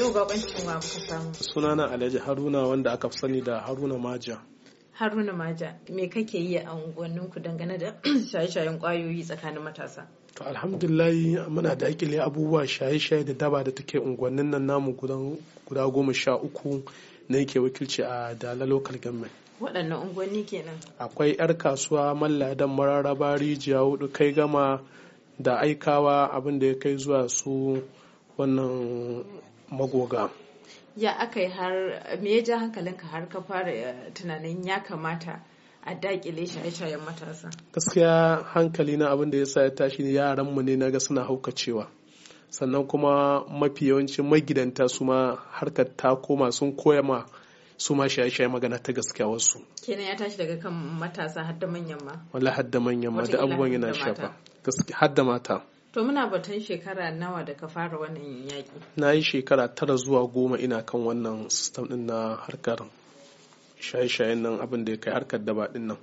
yau gabancin wa muka samu sunana alhaji haruna wanda aka fi sani da haruna maja haruna maja me kake yi a unguwanninku dangane da shaye-shayen kwayoyi tsakanin matasa to alhamdulillahi muna da akili abubuwa shaye-shaye da daba da take unguwannin nan namu guda goma sha uku na yake wakilci a dala local government waɗannan unguwanni kenan akwai 'yar kasuwa malladan mararraba rijiya hudu kai gama da aikawa abin da ya kai zuwa su wannan magoga ya aka yi har me ya ja hankalinka har ka fara eh, tunanin ya kamata a dakile shaye-shayen matasa gaskiya hankali na abin da ya sa ya tashi yaran mu ne naga suna haukacewa sannan kuma mafi yawancin magidanta su ma harkar ta koma sun koya ma su ma shaye-shaye magana ta gaskiya wasu kenan ya tashi daga kan matasa har da manyan ma wala har da manyan ma da abubuwan yana shafa har da mata To muna batun shekara nawa da ka fara wannan yaƙi? Na yi shekara tara zuwa goma ina kan wannan sistem ɗin na harkar shaye-shayen nan abin da ya kai harkar daba ɗin nan.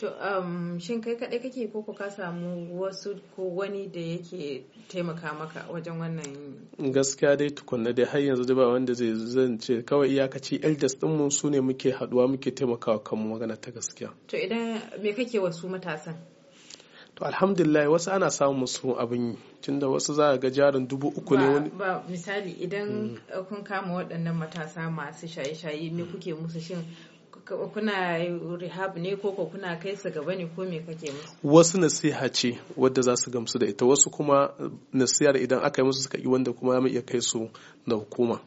To um, shin kai kaɗai kake ko ka samu wasu ko wani da yake taimaka maka wajen wannan Gaskiya dai tukunna dai har yanzu ba wanda zai zan ce kawai iyakaci elders ɗinmu su ne muke haɗuwa muke taimakawa kanmu magana ta gaskiya. To idan me kake wasu matasan? to alhamdulillah wasu ana samun musu abin yi tunda wasu za ga jarin dubu uku ne wani ba misali idan hmm. kun kama waɗannan matasa masu shaye-shaye ne hmm. kuke musu shin kuna rehab ne ko ko kuna kai su gaba ne ko me kake musu wasu nasiha ce wadda za su gamsu da ita wasu kuma nasiha da idan aka yi musu suka yi wanda kuma ya iya kai su da hukuma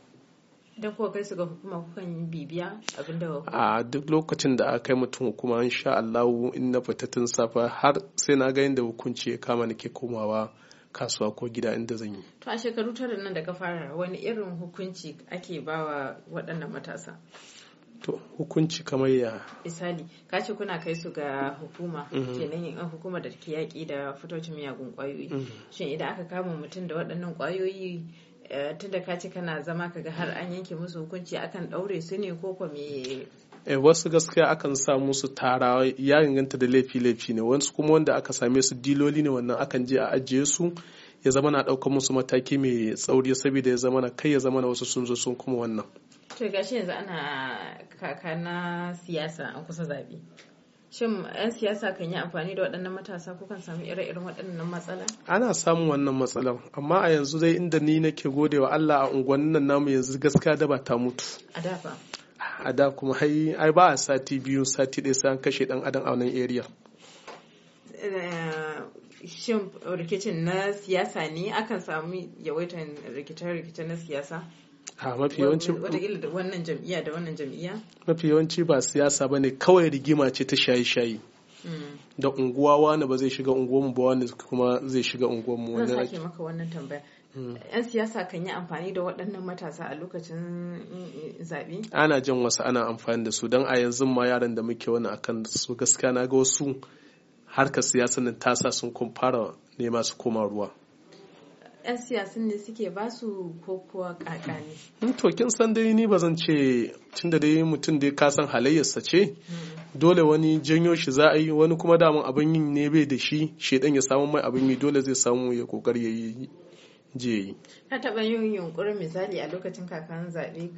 Don kuka kai su ga hukuma kukan bibiya abin da A duk lokacin da aka kai mutum hukuma in sha Allahu in na fita tun safa har sai na ga inda hukunci ya kama nake komawa kasuwa ko gida inda zan yi. To a shekaru tara nan da ka fara wani irin hukunci ake bawa waɗannan matasa? to hukunci kamar ya misali ka ce kuna kai su ga hukuma mhm. kenan yin hukuma da ke yaƙi da fitocin miyagun ƙwayoyi mhm. shin idan aka kama mutum da waɗannan ƙwayoyi Eh, tunda da ce kana zama kaga har an yanke musu hukunci akan daure su ne ko kuma me eh, wasu gaskiya akan sa musu tara ya ganganta da laifi-laifi ne wasu kuma wanda aka same su diloli ne wannan akan je a ajiye su ya zama na ɗaukar musu mataki mai tsauri saboda ya zama na kai ya zama na wasu sun zo sun kuma wannan to gashi yanzu ana kaka na siyasa an kusa zaɓe Shin 'yan siyasa kan yi amfani da waɗannan matasa ko kan samu ire-iren waɗannan matsala? Ana samun wannan matsalan, amma a yanzu dai inda ni nake gode wa Allah a unguwannin nan namu yanzu gaskiya da ba ta mutu. A da kuma hai ai ba a sati biyu sati ɗaya sai an kashe ɗan adam a wannan area. Eh, shin rikicin na siyasa ne akan samu yawaitan rikice-rikice na siyasa? a mafi yawanci wannan jam'iyya da wannan jam'iyya mafi yawanci ba siyasa ba ne kawai rigima ce ta shayi-shayi mm. da unguwa wani ba zai shiga unguwanmu ba wani kuma zai shiga unguwanmu wani ake maka wannan tambaya mm. yan siyasa kan yi amfani da waɗannan matasa a lokacin eh, zaɓe ana jin wasu ana amfani da su don a yanzu ma yaran da muke wani akan su gaskiya na ga wasu harkar siyasa nan tasa sun kun fara nema su koma ruwa 'yan siyasan ne suke ba su ko kaka ne. Mm, kin san dai ni ba zan ce tunda dai mutum dai ka san halayyarsa ce mm. dole wani janyo shi za a yi wani kuma daman abin yin ne bai da shi shaidan ya samu mai abin yi dole zai samu ya kokari ya yi je yi. ka taɓa yin yunkurin misali a lokacin kakan zaɓe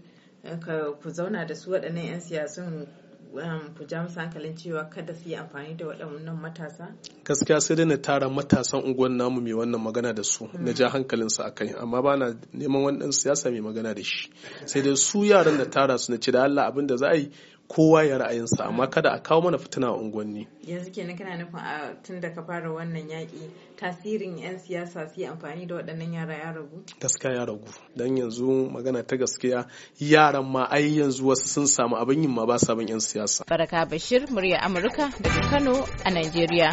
eh, ku zauna da su waɗannan 'yan siyasan Um, ku ja hankalin cewa kada su yi amfani da waɗannan matasa? Gaskiya sai dai na tara matasan unguwar namu mai wannan magana da su na hmm. ja hankalinsu a kai amma ba na neman wannan siyasa mai magana da shi sai dai su yaran na tara su na ci da Allah abin da za a yi kowa ya ra'ayinsa amma mm. kada a kawo mana fitina a unguwanni yanzu kenan kana nufin a tun da ka fara wannan yaƙi tasirin 'yan siyasa su yi amfani da waɗannan yara ya ragu gaskiya ya ragu don yanzu magana ta gaskiya yaran ma ai yanzu wasu sun samu abin yin ma ba sabon 'yan siyasa baraka bashir murya amurka daga kano a nigeria